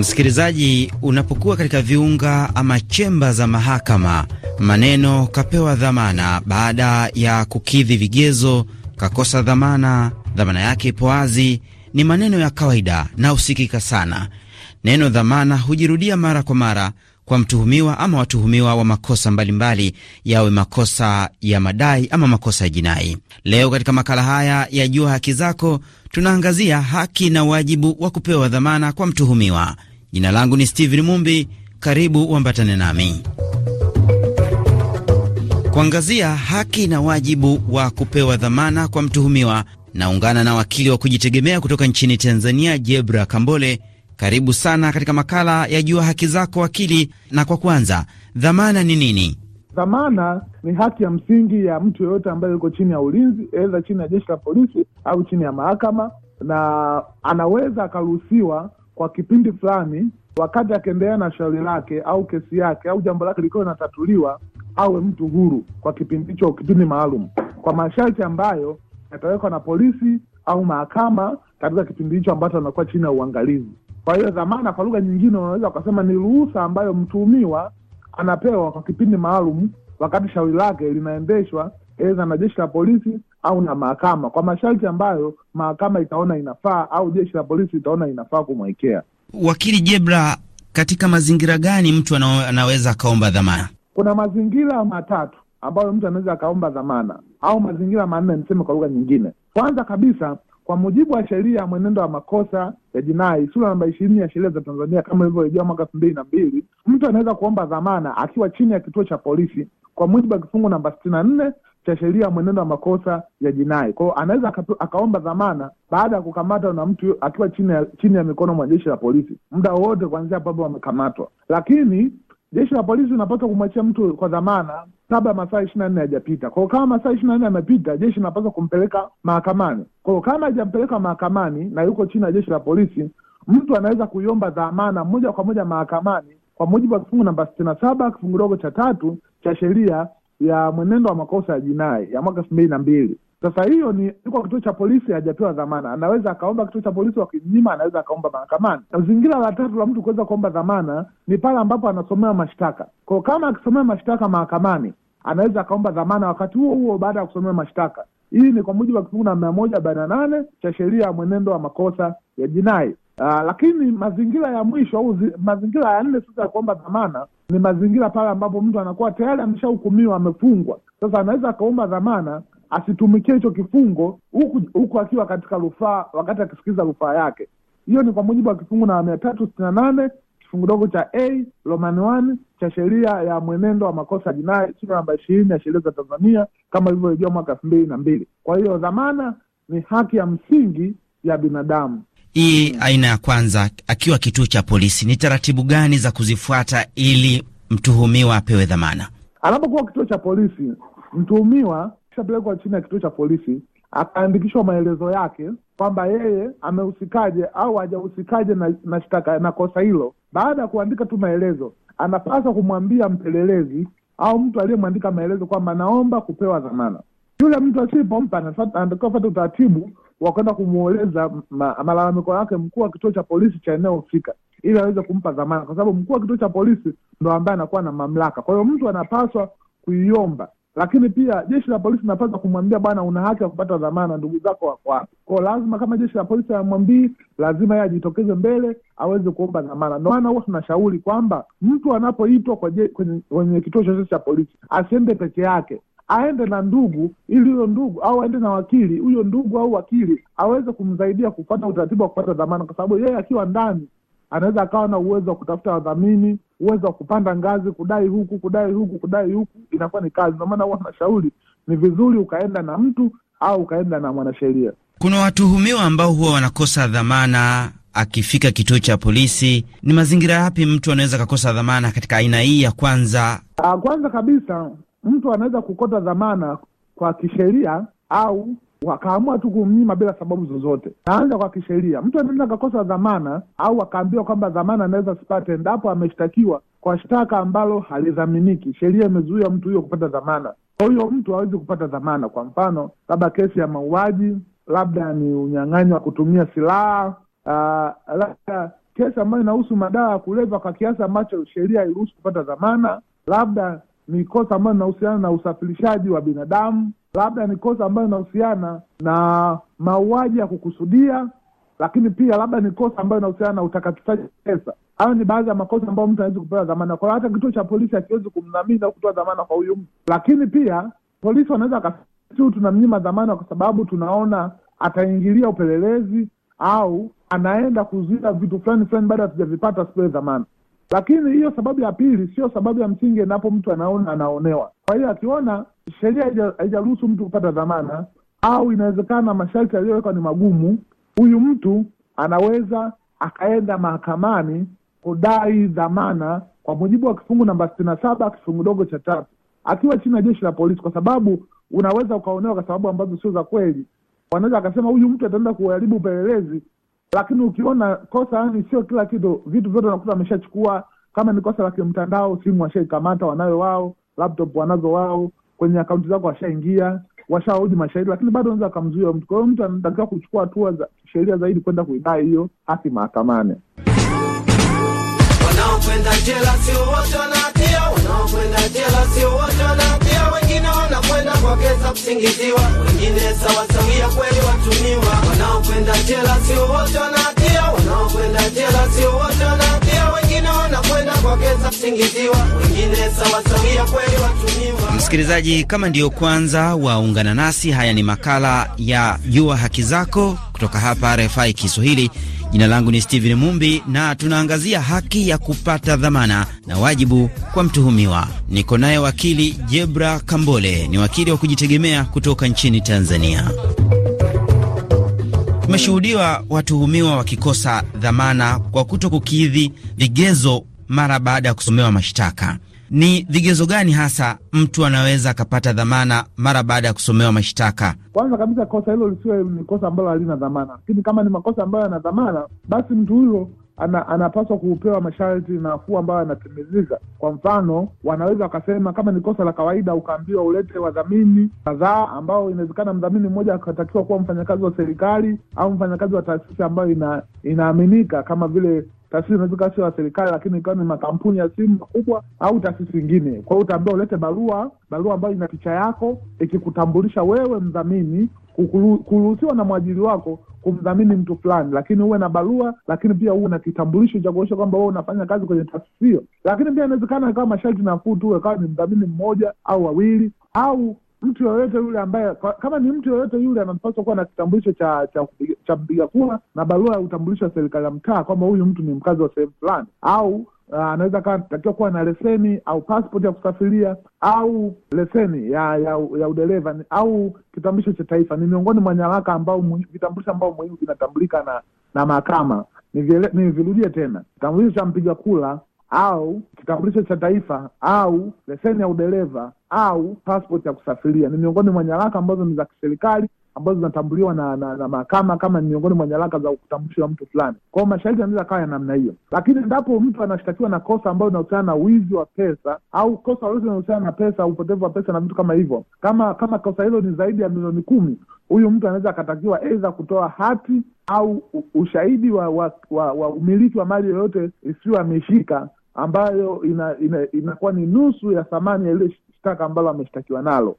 Msikilizaji, unapokuwa katika viunga ama chemba za mahakama, maneno kapewa dhamana baada ya kukidhi vigezo, kakosa dhamana, dhamana yake ipo wazi, ni maneno ya kawaida na usikika sana. Neno dhamana hujirudia mara kwa mara kwa mtuhumiwa ama watuhumiwa wa makosa mbalimbali, yawe makosa ya madai ama makosa ya jinai. Leo katika makala haya ya Jua Haki Zako tunaangazia haki na wajibu wa kupewa dhamana kwa mtuhumiwa. Jina langu ni Steven Mumbi, karibu uambatane nami kuangazia haki na wajibu wa kupewa dhamana kwa mtuhumiwa. Naungana na wakili wa kujitegemea kutoka nchini Tanzania, Jebra Kambole. Karibu sana katika makala ya Jua Haki Zako Wakili. Na kwa kwanza, dhamana ni nini? Dhamana ni haki ya msingi ya mtu yoyote ambaye yuko chini ya ulinzi, aidha chini ya jeshi la polisi au chini ya mahakama, na anaweza akaruhusiwa kwa kipindi fulani, wakati akiendelea na shauri lake au kesi yake au jambo lake likiwa linatatuliwa, awe mtu huru kwa kipindi hicho, kipindi maalum, kwa masharti ambayo yatawekwa na polisi au mahakama katika kipindi hicho ambacho anakuwa chini ya uangalizi. Kwa hiyo dhamana, kwa lugha nyingine, unaweza ukasema ni ruhusa ambayo mtuhumiwa anapewa kwa kipindi maalum, wakati shauri lake linaendeshwa, eza na jeshi la polisi au na mahakama kwa masharti ambayo mahakama itaona inafaa au jeshi la polisi itaona inafaa kumwekea. Wakili Jebra, katika mazingira gani mtu anaweza akaomba dhamana? Kuna mazingira matatu ambayo mtu anaweza akaomba dhamana au mazingira manne, niseme kwa lugha nyingine. Kwanza kabisa, kwa mujibu wa sheria ya mwenendo wa makosa ya jinai sura namba ishirini ya sheria za Tanzania kama ilivyorejewa mwaka elfu mbili na mbili, mtu anaweza kuomba dhamana akiwa chini ya kituo cha polisi kwa mujibu wa kifungu namba sitini na nne cha sheria mwenendo wa makosa ya jinai. kwao anaweza akaomba dhamana baada ya kukamatwa na mtu akiwa chini ya, chini ya mikono mwa jeshi la polisi muda wowote kuanzia ambapo wamekamatwa, lakini jeshi la polisi linapaswa kumwachia mtu kwa dhamana kabla masaa ishiri na nne yajapita. kwao kama masaa ishiri na nne yamepita, jeshi linapaswa kumpeleka mahakamani. kwao kama hajampeleka mahakamani na yuko chini ya jeshi la polisi, mtu anaweza kuiomba dhamana moja kwa moja mahakamani kwa mujibu wa kifungu namba sitini na saba kifungu dogo cha tatu cha sheria ya mwenendo wa makosa ya jinai ya mwaka elfu mbili na mbili. Sasa hiyo ni yuko kituo cha polisi, hajapewa dhamana, anaweza akaomba kituo cha polisi, wakimnyima anaweza akaomba mahakamani. Zingira la tatu la mtu kuweza kuomba dhamana ni pale ambapo anasomewa mashtaka. ko kama akisomewa mashtaka mahakamani, anaweza akaomba dhamana wakati huo huo baada ya kusomewa mashtaka. Hii ni kwa mujibu wa kifungu na mia moja arobaini na nane cha sheria ya mwenendo wa makosa ya jinai. Uh, lakini mazingira ya mwisho au mazingira ya nne sasa ya kuomba dhamana ni mazingira pale ambapo mtu anakuwa tayari ameshahukumiwa, amefungwa. Sasa anaweza akaomba dhamana asitumikie hicho kifungo huku huku akiwa katika rufaa, wakati akisikiliza rufaa yake. Hiyo ni kwa mujibu wa kifungu na mia tatu sitini na nane kifungu dogo cha a Romani one cha sheria ya mwenendo wa makosa ya jinai sura namba ishirini ya sheria za Tanzania kama ilivyorejea mwaka elfu mbili na mbili. Kwa hiyo dhamana ni haki ya msingi ya binadamu. Hii aina ya kwanza, akiwa kituo cha polisi, ni taratibu gani za kuzifuata ili mtuhumiwa apewe dhamana? Anapokuwa kituo cha polisi, mtuhumiwa kishapelekwa chini ya kituo cha polisi, akaandikishwa maelezo yake kwamba yeye amehusikaje au hajahusikaje na, na shtaka na kosa hilo. Baada ya kuandika tu maelezo, anapaswa kumwambia mpelelezi au mtu aliyemwandika maelezo kwamba naomba kupewa dhamana. Yule mtu asipompa nafasi, anatakiwa fata utaratibu wa kwenda kumweleza ma, malalamiko yake mkuu wa kituo cha polisi cha eneo husika ili aweze kumpa dhamana, kwa sababu mkuu wa kituo cha polisi ndo ambaye anakuwa na mamlaka. Kwa hiyo mtu anapaswa kuiomba, lakini pia jeshi la polisi inapaswa kumwambia, bwana, una haki ya kupata dhamana, ndugu zako wako wapi? lazima kama jeshi la polisi amwambii, lazima yeye ajitokeze mbele aweze kuomba dhamana. Ndo maana huwa tunashauri kwamba mtu anapoitwa kwenye, kwenye kituo chochote cha polisi asiende peke yake, aende na ndugu, ili huyo ndugu au aende na wakili, huyo ndugu au wakili aweze kumsaidia kupata utaratibu wa kupata dhamana, kwa sababu yeye akiwa ndani anaweza akawa na uwezo wa kutafuta wadhamini, uwezo wa kupanda ngazi, kudai huku, kudai huku, kudai huku, inakuwa ni kazi. Ndio maana huwa nashauri ni vizuri ukaenda na mtu au ukaenda na mwanasheria. Kuna watuhumiwa ambao huwa wanakosa dhamana akifika kituo cha polisi. Ni mazingira yapi mtu anaweza akakosa dhamana katika aina hii ya kwanza? Ah, kwanza kabisa mtu anaweza kukota dhamana kwa kisheria au wakaamua tu kumnyima bila sababu zozote. Naanza kwa kisheria, mtu anaweza akakosa dhamana au akaambiwa kwamba dhamana anaweza asipate endapo ameshtakiwa kwa shtaka ambalo halidhaminiki. Sheria imezuia mtu huyo kupata dhamana, kwa hiyo mtu hawezi kupata dhamana. Kwa mfano, labda kesi ya mauaji, labda ni unyang'anyi wa kutumia silaha, ah, labda kesi ambayo inahusu madawa ya kulevya kwa kiasi ambacho sheria hairuhusu kupata dhamana, labda ni kosa ambayo linahusiana na usafirishaji wa binadamu, labda ni kosa ambayo linahusiana na mauaji ya kukusudia, lakini pia labda ni kosa ambayo inahusiana na utakatishaji pesa. Hayo ni baadhi ya makosa ambayo mtu anawezi kupewa dhamana. Kwa hiyo hata kituo cha polisi hakiwezi kumdhamini au kutoa dhamana kwa huyu mtu, lakini pia polisi wanaweza tu tunamnyima dhamana kwa sababu tunaona ataingilia upelelezi au anaenda kuzuia vitu fulani fulani, baada hatujavipata sipewe dhamana. Lakini hiyo sababu ya pili sio sababu ya msingi, endapo mtu anaona anaonewa. Kwa hiyo akiona sheria haijaruhusu mtu kupata dhamana, au inawezekana masharti yaliyowekwa ni magumu, huyu mtu anaweza akaenda mahakamani kudai dhamana kwa mujibu wa kifungu namba sitini na saba kifungu dogo cha tatu akiwa chini ya jeshi la polisi, kwa sababu unaweza ukaonewa kwa sababu ambazo sio za kweli. Wanaweza akasema huyu mtu ataenda kuharibu upelelezi lakini ukiona kosa, yani sio kila kitu, vitu vyote unakuta wameshachukua. Kama ni kosa la kimtandao, simu washaikamata, wanayo wao, laptop wanazo wao, kwenye akaunti zako washaingia, washaoji mashahidi, lakini bado unaweza akamzuia mtu. Kwa hiyo mtu anatakiwa kuchukua hatua za sheria zaidi kwenda kuidai hiyo haki mahakamani. Wanaokwenda jela sio wote wanatia, wanaokwenda jela sio wote wanatia, wengine wanakwenda kwa kesa kusingiziwa, wengine sawasawia kweli watumiwa. Wanaokwenda jela sio wote wanatia, wanaokwenda jela sio wote wanatia, wengine wanakwenda kwa kesa kusingiziwa, wengine sawasawia kweli watumiwa. Msikilizaji, kama ndiyo kwanza waungana nasi, haya ni makala ya Jua Haki Zako kutoka hapa RFI Kiswahili. Jina langu ni Steven Mumbi na tunaangazia haki ya kupata dhamana na wajibu kwa mtuhumiwa. Niko naye wakili Jebra Kambole, ni wakili wa kujitegemea kutoka nchini Tanzania. Tumeshuhudiwa watuhumiwa wakikosa dhamana kwa kuto kukidhi vigezo mara baada ya kusomewa mashtaka. Ni vigezo gani hasa mtu anaweza akapata dhamana mara baada ya kusomewa mashtaka? Kwanza kabisa kosa hilo lisiwe ni kosa ambalo halina dhamana, lakini kama ni makosa ambayo yana dhamana, basi mtu huyo ana, anapaswa kupewa masharti nafuu ambayo anatimiziza. Kwa mfano, wanaweza wakasema kama ni kosa la kawaida, ukaambiwa ulete wadhamini kadhaa, ambao inawezekana mdhamini mmoja akatakiwa kuwa mfanyakazi wa serikali au mfanyakazi wa taasisi ambayo ina, inaaminika kama vile taasisi zinaweza sio ya serikali, lakini ikawa ni makampuni ya simu makubwa au taasisi ingine Kwa hiyo utaambiwa ulete barua, barua ambayo ina picha yako ikikutambulisha wewe mdhamini, kuruhusiwa na mwajiri wako kumdhamini mtu fulani, lakini uwe na barua, lakini pia uwe na kitambulisho cha kuonyesha kwamba wewe unafanya kazi kwenye taasisi hiyo. Lakini pia inawezekana ikawa masharti nafuu tu, ikawa ni mdhamini mmoja au wawili au mtu yoyote yule ambaye kama ni mtu yoyote yule anapaswa kuwa na kitambulisho cha cha, cha mpiga kura na barua ya utambulisho wa serikali ya mtaa kwamba huyu mtu ni mkazi wa sehemu fulani au uh, anaweza uh, kawa takiwa kuwa na leseni au passport ya kusafiria au leseni ya ya, ya udereva au kitambulisho cha taifa. Ni miongoni mwa nyaraka ambao vitambulisho ambao muhimu vinatambulika na na mahakama. Nivirudie tena, kitambulisho cha mpiga kura au kitambulisho cha taifa au leseni ya udereva au passport ya kusafiria. Ni miongoni mwa nyaraka ambazo ni za kiserikali ambazo zinatambuliwa na, na, na mahakama kama ni miongoni mwa nyaraka za utambulisho wa mtu fulani. Kwa hiyo masharti yanaweza kawa ya namna hiyo, lakini endapo mtu anashtakiwa na kosa ambayo inahusiana na wizi wa pesa au kosa lolote linahusiana na pesa, upotevu wa pesa na vitu kama hivyo, kama kama kosa hilo ni zaidi ya milioni kumi, huyu mtu anaweza akatakiwa aidha kutoa hati au ushahidi wa, wa, wa, wa umiliki wa mali yoyote isiyohamishika ambayo inakuwa ina, ina, ina ni nusu ya thamani ya ile shtaka ambalo ameshtakiwa nalo.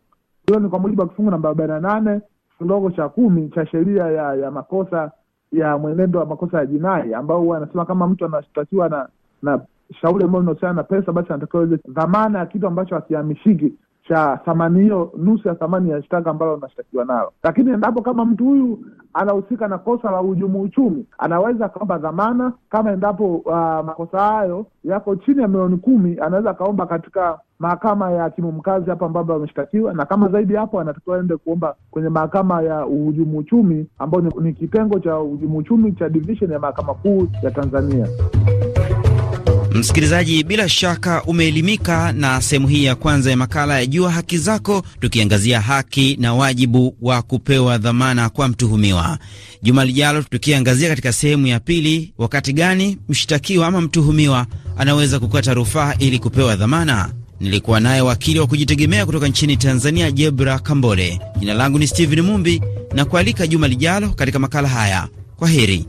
Hiyo ni kwa mujibu wa kifungu namba arobaini na nane kidogo cha kumi cha sheria ya, ya makosa ya mwenendo wa makosa ya jinai ambao huwa anasema kama mtu anashtakiwa na na shauri ambayo linahusiana na pesa, basi anatakiwa dhamana ya kitu ambacho hakihamishiki cha thamani hiyo, nusu ya thamani ya shtaka ambalo unashtakiwa nalo. Lakini endapo kama mtu huyu anahusika na kosa la uhujumu uchumi, anaweza akaomba dhamana. Kama endapo uh, makosa hayo yako chini ya milioni kumi, anaweza akaomba katika mahakama ya hakimu mkazi hapo ambapo ameshtakiwa, na kama zaidi hapo anatakiwa aende kuomba kwenye mahakama ya uhujumu uchumi, ambayo ni kitengo cha uhujumu uchumi cha division ya mahakama kuu ya Tanzania. Msikilizaji, bila shaka umeelimika na sehemu hii ya kwanza ya makala ya Jua Haki Zako, tukiangazia haki na wajibu wa kupewa dhamana kwa mtuhumiwa. Juma lijalo tukiangazia katika sehemu ya pili, wakati gani mshtakiwa ama mtuhumiwa anaweza kukata rufaa ili kupewa dhamana. Nilikuwa naye wakili wa kujitegemea kutoka nchini Tanzania, Jebra Kambole. Jina langu ni Steven Mumbi na kualika juma lijalo katika makala haya. Kwa heri.